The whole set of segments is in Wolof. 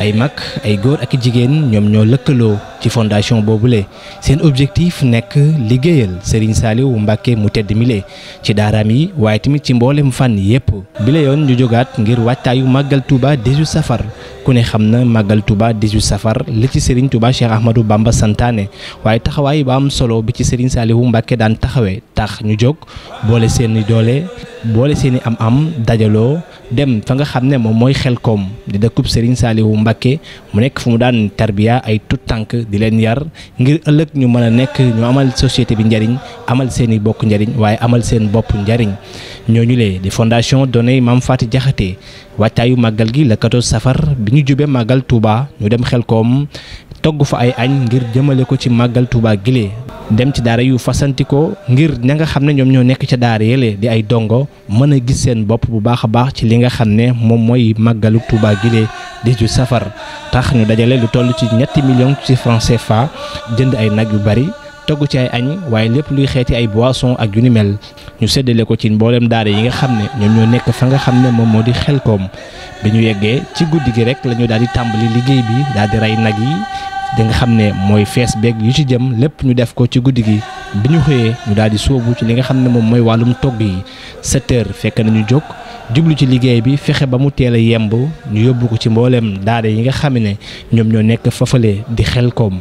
ay mag ay góor ak jigéen ñoom ñoo lëkkaloo ci fondation boobule seen objectif nekk liggéeyal saali wu Mbacké mu tedd mile ci daaraam yi waaye tamit ci mboolem fànn yépp bile yoon ñu jógaat ngir wàccaayu màggal Touba 18 safar ku ne xam na màggal Touba 18 safar li ci Serigne Touba Cheikh Ahmadou Bamba santaane waaye taxawaay ba am solo bi ci Serigne wu Mbacke daan taxawee tax ñu jóg boole seeni doole boole seeni am-am dajaloo dem fa nga xam ne moom mooy xel koom di dëkkub Serigne wu Mbacke mu nekk fu mu daan tarbiya ay tut tànk di leen yar ngir ëllëg ñu mën a nekk ñu amal société bi njariñ amal seeni bokk njariñ waaye amal seen bopp njariñ ñooñu lee di fondation wàccaayu màggal gi le 14 safar bi ñu jubee màggal Touba ñu dem xel koom togg fa ay añ ngir jëmale ko ci màggal Touba gile dem ci daara yu fasantikoo ngir ña nga xam ne ñoom ñoo nekk ca daara yële di ay dongo mën a gis seen bopp bu baax a baax ci li nga xam ne moom mooy màggalu Touba gile di ju safar tax ñu dajale lu toll ci ñetti million ci francs CFA jënd ay nag yu bari togg ci ay añ waaye lépp luy xeeti ay boisson ak yu mel ñu seddale ko ci mbooleem daare yi nga xam ne ñoom ñoo nekk fa nga xam ne moom moo di xel koom bi ñu yeggee ci guddi gi rek la ñu daal di tàmbali liggéey bi daal di rey nag yi di nga xam ne mooy fees beeg yu ci jëm lépp ñu def ko ci guddi gi bi ñu xëyee ñu daal di sóobu ci li nga xam ne moom mooy wàllum togg yi sept heures fekk nañu jóg jublu ci liggéey bi fexe ba mu teel a yemb ñu yóbbu ko ci mboolem daara yi nga xam ne ñoom ñoo nekk fafale di Xelkom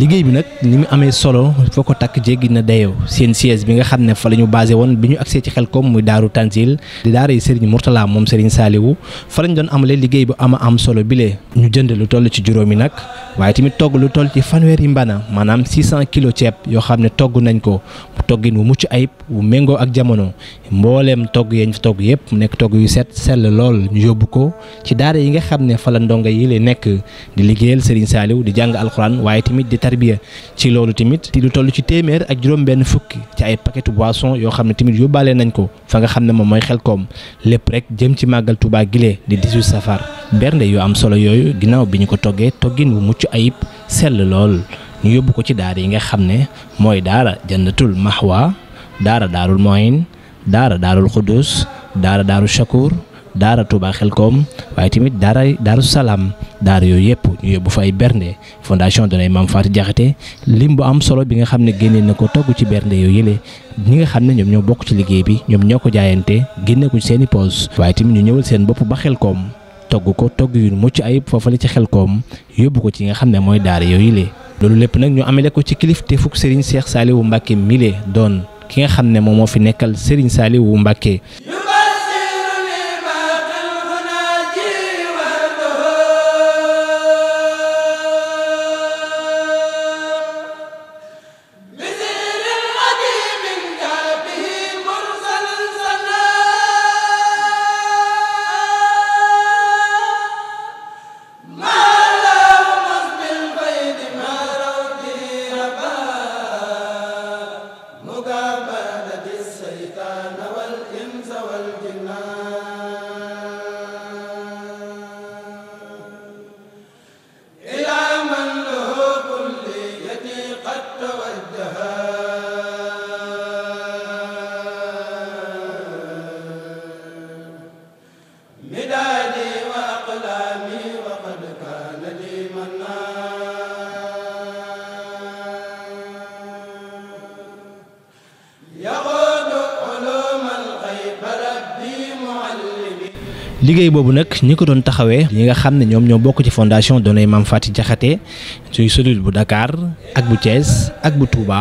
liggéey bi nag ni mu amee solo foo ko takk jéggi na dayoo seen siège bi nga xam ne fa la ñu basé woon bi ñu agsee ci Xelkom muy daaru Tanzil di daara yi Serigne Mourtala moom Serigne Saliou fa lañ doon amalee liggéey bu ama am solo bile ñu jënd lu toll ci juróomi nag waaye tamit togg lu toll ci fanweeri mbana maanaam 600 kilos ceeb yoo xam ne togg nañ ko mu mucc ayib wu méngoo ak jamono mbooleem togg yañ fa togg yëpp mu nekk togg yu set sell lool yóbbu ko ci daara yi nga xam ne fa la ndongo yi lay nekk di liggéeyal Serigne Saliou di jàng alxuraan waaye tamit di tarbiya ci loolu tamit lu toll ci téeméer ak juróom-benn fukki ci ay paquetu boisson yoo xam ne tamit yóbbaale nañ ko fa nga xam ne moom mooy xel koom lépp rek jëm ci màggal Touba gile di 18 safar bernde yu am solo yooyu ginnaaw bi ñu ko toggee toggin bu mucc ayib sell lool ñu yóbbu ko ci daar yi nga xam ne mooy daara jandatul mahwa daara daarul moyin daara daarul xudus daara daarul shakur daara Touba koom waaye tamit daara daaru salaam daara yooyu yëpp ñu yóbbu fa ay bernde fondation Donay Maam Fatou Diakhaté lim bu am solo bi nga xam ne génnee na ko togg ci bernde yooyu yële ñi nga xam ne ñoom ñoo bokk ci liggéey bi ñoom ñoo ko jaayante génne ko ci seen i poos waaye tamit ñu ñëwal seen bopp ba xel koom togg ko togg yu mucc ayib foofale ci xel koom yóbbu ko ci nga xam ne mooy daara yooyu yële loolu lépp nag ñu amele ko ci kilifte fukk Serigne Cheikh Saliou Mbacke mile doon ki nga xam ne moom moo fi nekkal Serigne Saliou Mbacke liggéey boobu nag ñi ko doon taxawee ñi nga xam ne ñoom ñoo bokk ci fondation Doney Mame Faty Diakhaté suy cellule bu Dakar ak bu Thiès ak bu Touba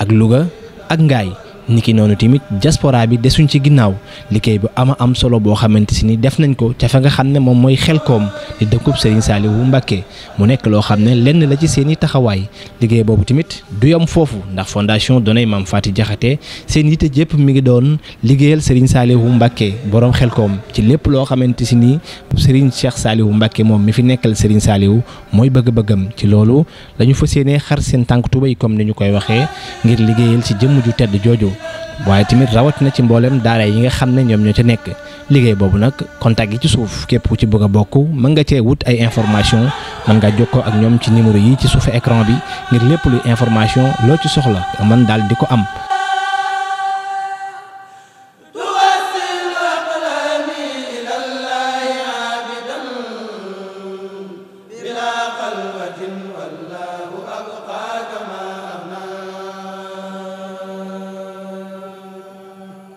ak Louga ak ngaay nit niki noonu tamit diaspora bi desuñ ci ginnaaw liggéey bu ama am solo boo xamante si ni def nañ ko ca fa nga xam ne moom mooy xel koom di dëkkub Serigne Saliou Mbacké mu nekk loo xam ne lenn la ci seen i taxawaay liggéey boobu tamit du yom foofu ndax fondation Donay Maam Faty Diakhaté seen yitte jëpp mi ngi doon liggéeyal Serigne Saliou Mbacké borom koom ci lépp loo xamante si ni Serigne Cheikh Saliou Mbacké moom mi fi nekkal Serigne Saliou mooy bëgg-bëggam ci loolu la ñu fas xar seen tànk tubay comme ni ñu koy waxee ngir liggéeyal ci jëmm ju tedd jooju waaye waaye tamit na ci mbooleem daara yi nga xam ne ñoom ñoo ca nekk liggéey boobu nag contact yi ci suuf képp ku ci bëgg a bokk mën nga cee wut ay information mën ngaa ko ak ñoom ci numéro yi ci suufu écran bi ngir lépp luy information loo ci soxla man daal di ko am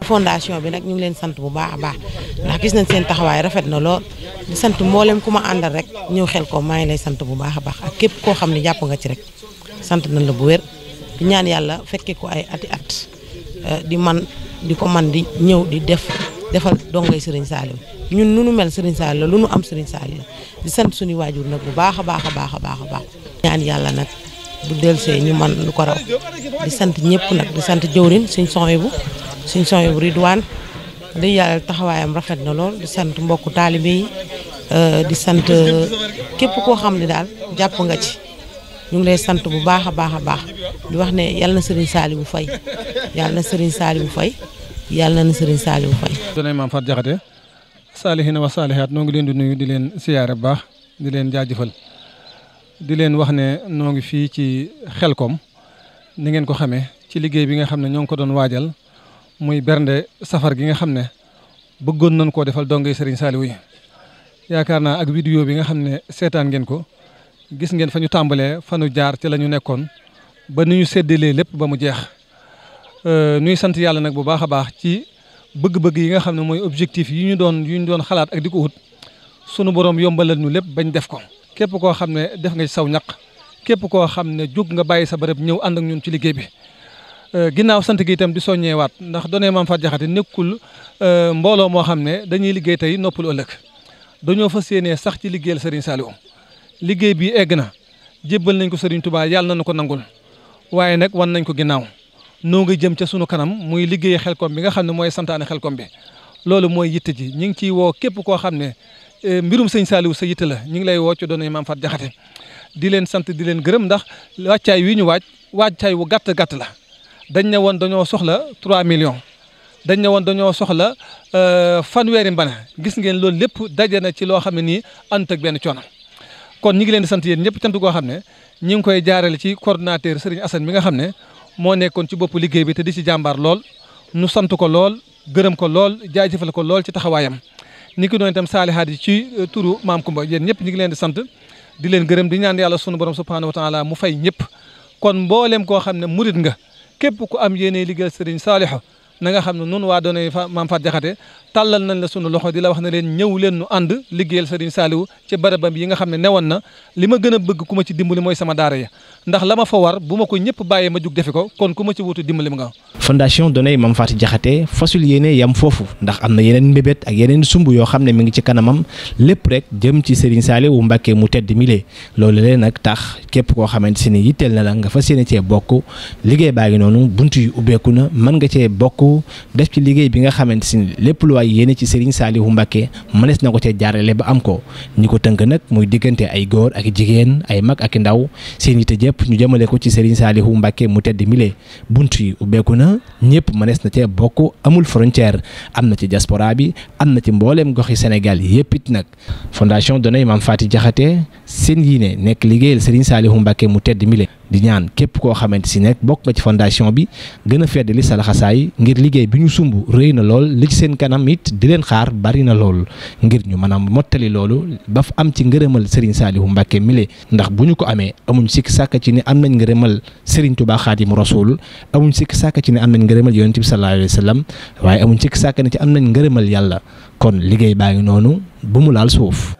fondation bi nag ñu ngi leen sant bu baax a baax ndax gis nañ seen taxawaay rafet na lool di sant mboolem ku ma àndal rek ñëw xel ko maa ngi lay sant bu baax a baax ak képp koo xam ne jàpp nga ci rek sant nañ la bu wér di ñaan yàlla fekke ko ay ati at euh, di man di ko man di ñëw di def defal dongay Serigne Saliou ñun nu nu mel Serigne Saliou la lu nu am Serigne Saliou la di sant suñu waajur nag bu baax a baax a baax a baax a baax ñaan yàlla nag bu delsee ñu man lu ko raw di sant ñëpp nag di sant jëwrin suñ son bu suñ son bu Ridwaan dëgg yàlla taxawaayam rafet na lool di sant mbokku taalibe yi euh, di sant euh, képp koo xam ne daal jàpp nga ci ñu ngi lay sant bu baax a baax a baax di wax ne yàlla na Serigne Saliou Faye yàlla na Serigne yàlla na Serigne Saliou Faye. danañ maam Fatou Diakhaté saalihiina wax saalihaat noo ngi leen di nuyu di leen siyaare bu baax di leen jaajëfal di leen wax ne noo ngi fii ci xel koom ni ngeen ko xamee ci liggéey bi nga xam ne ñoo ngi ko doon waajal. muy bernde safar gi nga xam ne bëggoon nañ koo defal dongay Serigne Saliou yi yaakaar naa ak vidéo bi nga xam ne seetaan ngeen ko gis ngeen fa ñu tàmbalee fa jaar ci la ñu nekkoon ba nu ñu séddalee lépp ba mu jeex euh, nuy sant yàlla nag bu baax a baax ci bëgg-bëgg yi nga xam ne mooy objectif yi ñu doon yi doon xalaat ak di ko wut sunu borom yombalal ñu lépp bañ def ko. képp koo xam ne def nga saw ñaq képp koo xam ne jóg nga bàyyi sa bërëb ñëw ànd ak ñun ci liggéey bi. Euh, ginnaaw sant gi itam di soññeewaat ndax donee maam Fatou Diakhaté nekkul euh, mbooloo moo xam ne dañuy liggéey tey noppul ëllëg dañoo fas yéenee sax ci liggéeyal Serigne Saliou liggéey bi egg na jébbal nañ ko Serigne Touba yàlla na ko nangul waaye nag wan nañ ko ginnaaw noo ngi jëm ca sunu kanam muy liggéey xelkom bi nga xam ne mooy santaane xelkom bi loolu mooy yitte ji ñu ngi ciy woo képp koo xam ne euh, mbirum sëñ Saliou sa yitte la ñu ngi lay woo ci donee maam Fatou jaxate di leen sant di leen gërëm ndax wàccaay wi ñu waaj waajtaay wu gàtt gàtt la dañ ne woon dañoo soxla 3 millions dañ ne woon dañoo soxla euh, fanweeri mbana gis ngeen loolu lépp daje na ci loo xam ne nii ànd benn coono kon ñi ngi leen di sant yéen ñëpp cant goo xam ne ñi ngi koy jaarale ci coordonnateur Serigne Assane mi nga xam ne moo nekkoon ci bopp liggéey bi te di ci jàmbaar lool nu ko lool gërëm ko lool jaajëfal ko lool ci taxawaayam ni ki doon itam saalihaat yi ci euh, turu maam Kumba yéen ñëpp ñi ngi leen di sant di leen gërëm di ñaan yàlla sunu borom subhanahu wa taala mu fay ñëpp kon mboolem koo xam ne murit nga képp ku am yéene liggéeyal Serigne Saliou na nga xam ne nun waa doonay maam Faat Jaxate tàllal nañ la sunu loxo di la wax ne leen ñëw leen nu ànd liggéeyal Sëriñ Saaliwu ci barabam yi nga xam ne newoon na li ma gën a bëgg ku ma ci dimbali mooy sama daara ndax la ma bu ma ko ñëpp bàyyee ma jug defe ko kon ku ma ci wutu dimbali ma nga fondation Doonay Maam Faat Jaxate fasul yéene yam foofu ndax am na yeneen mbébét ak yeneen sumb yoo xam ne mu ngi ci kanamam lépp rek jëm ci Sëriñ Saaliwu Mbàkke mu tedd mile loolu leen ak tax képp koo xamante si ni yitteel na la nga fas yéene cee bokk liggéey baa noonu bunt yu ubbeeku na mën nga cee bokk sukkandiku def ci liggéey bi nga xamante si ni lépp lu waay yéene ci Serigne Saliou Mbacké mënees na ko cee jaarale ba am ko ñu ko tënk nag muy diggante ay góor ak jigéen ay mag ak i ndaw seen yitte jëpp ñu jëmale ko ci Serigne wu mbakke mu tedd mile bunt yi ubbeeku na ñëpp mënees na cee bokk amul frontière am na ci diaspora bi am na ci mbooleem gox yi yëpp it nag fondation Donnay Mame Faty Diakhaté seen yéene nekk liggéeyal Serigne Saliou Mbacké mu tedd mi di ñaan képp koo xamante si nekk bokk nga ci fondation bi gën a fedd li salaxasaay ngir liggéey bi ñu sumb rëy na lool li ci seen kanam it di leen xaar bari na lool ngir ñu mën a mottali loolu baf am ci ngërëmal Serigne Saliou Mbacké mile ndax bu ñu ko amee amuñ sikk sàkk ci ne am nañ ngërëmal Serigne Touba Xaadimu Rasuul amuñ sikk sàkk ci ne am nañ ngërëmal Yonent bi sallallahu alayhi wa sallam waaye amuñ sikk sàkk ne ci am nañ ngërëmal yàlla kon liggéey baa ngi noonu bu mu laal suuf